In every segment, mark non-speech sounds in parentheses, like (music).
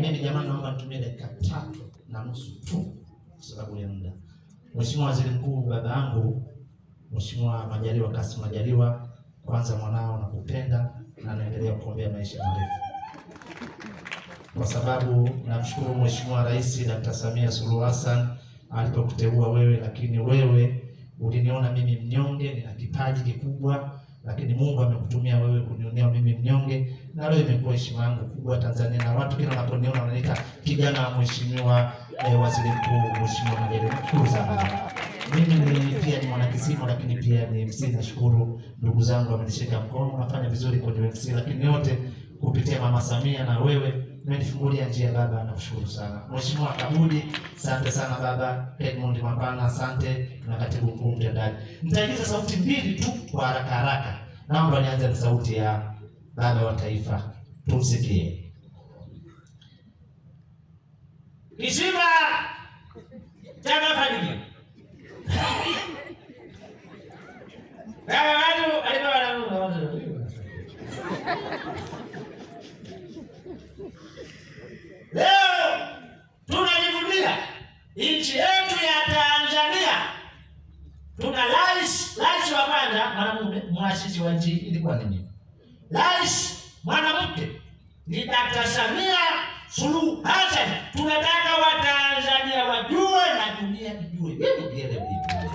Mimi jamani, naomba nitumie dakika tatu na nusu tu kwa sababu ya muda. Mheshimiwa Waziri Mkuu, baba yangu Mheshimiwa Majaliwa Kassim Majaliwa, kwanza mwanao nakupenda na naendelea kuombea maisha marefu, kwa sababu namshukuru Mheshimiwa Rais Dr. Samia Suluhu Hassan alipokuteua wewe, lakini wewe uliniona mimi mnyonge, nina kipaji kikubwa lakini Mungu amekutumia wewe kunionea mimi mnyonge, na leo imekuwa heshima yangu kubwa Tanzania, na watu kila wanaponiona wananiita kijana wa mheshimiwa eh, waziri mkuu mheshimiwa Majaliwa. mkuu sana. Mimi ni pia ni mwanakisimo lakini pia ni MC. Nashukuru ndugu zangu wamenishika mkono, nafanya vizuri kwenye MC, lakini yote kupitia mama Samia na wewe umenifungulia njia baba, nakushukuru sana. Mheshimiwa Kabudi, asante sana baba. Edmund Mapana, asante na katibu mkuu mtendaji. Nitaigiza sauti mbili tu kwa haraka haraka, naomba nianze na sauti ya baba wa taifa, tumsikie. Kisima cha mafanikio. watu alikuwa Tuna Laish, Laish wa kwanza mwanamume mwasisi wa nchi ilikuwa ni nini? Laish mwanamke ni Dr. Samia Suluhu Hassan. Tunataka Watanzania wajue na dunia ijue. Hiyo ndio ile kitu.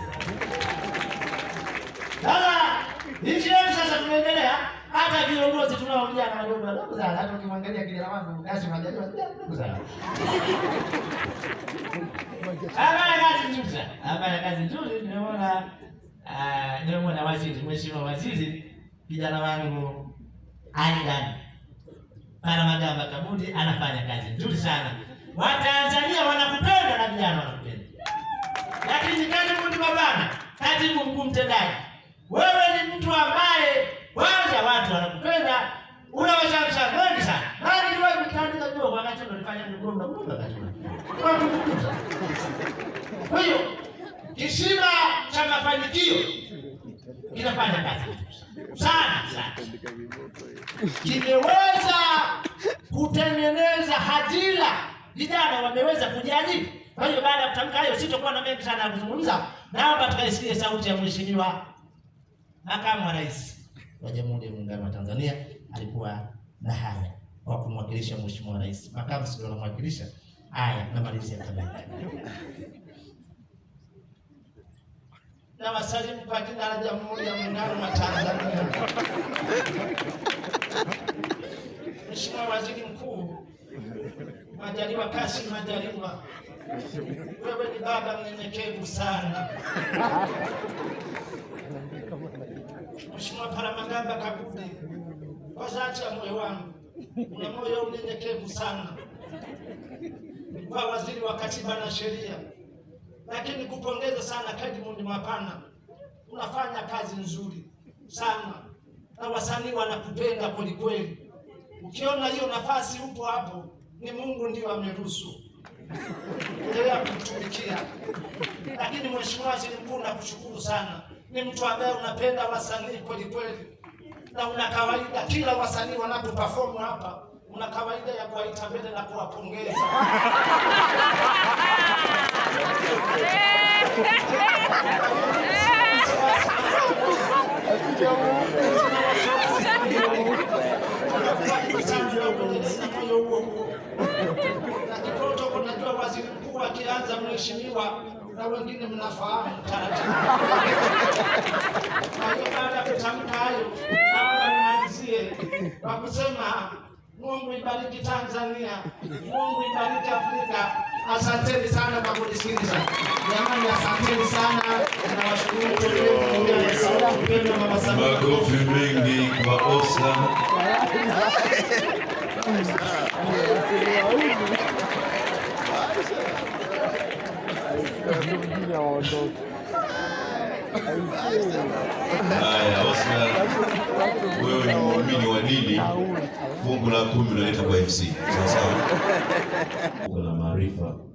Sasa hivi sasa tunaendelea hata viongozi tunao vijana wadogo wadogo sana, hata ukimwangalia kijana wangu Kasim Majaliwa ndugu sana. (laughs) amefanya kazi nzuri. Nimeona uh, ah, nimemwona waziri, mheshimiwa waziri, vijana wangu Aidan Palamagamba Kabudi anafanya kazi nzuri sana. Watanzania wanakupenda na vijana wanakupenda. Lakini Kadimudi Mabana, katibu mkuu mtendaji, wewe ni mtu ambaye kwanza watu wanakupenda, unawashawisha wengi sana. Nani ndio kutandika mgomo kwa hiyo kisima cha mafanikio kinafanya kazi sana sana, kimeweza kutengeneza ajira, vijana wameweza kujiajiri. Kwa hiyo baada ya kutamka hayo, sitokuwa na mengi sana ya kuzungumza. Naomba tukaisikie sauti ya mheshimiwa makamu wa rais wa Jamhuri ya Muungano wa Tanzania. Alikuwa na haya kwa kumwakilisha mheshimiwa rais. Makamu sio anamwakilisha. Haya, namalizia kabla na wasalimu kwa jina la Jamhuri ya Muungano wa Tanzania. Mheshimiwa Waziri Mkuu Majaliwa Kassim Majaliwa, wewe ni baba mnyenyekevu sana. Mheshimiwa Palamagamba Kabudi, kwa dhati ya moyo wangu, una moyo unyenyekevu sana. Kwa waziri wa katiba na sheria lakini kupongeza sana Kedmond Mapana, unafanya kazi nzuri sana na wasanii wanakupenda kwelikweli. Ukiona hiyo nafasi upo hapo, ni Mungu ndio ameruhusu endelea kumtumikia. Lakini mheshimiwa waziri mkuu, nakushukuru sana, ni mtu ambaye unapenda wasanii kwelikweli na una kawaida, kila wasanii wanapoperform hapa una kawaida ya kuwaita mbele na kuwapongeza. Najua waziri mkuu akianza, mheshimiwa, na wengine mnafahamu taratibu. Kwa hiyo baada ya kutamka hayo, naomba nimalizie kwa kusema Mungu ibariki Tanzania, Mungu ibariki Afrika. Asanteni sana kwa kunisikiliza jamani, asanteni sana na washukuru. Makofi mengi kwa Osa. Haya pili fungu la kumi unaleta kwa FC. Sawa sawa. (laughs) Kuna maarifa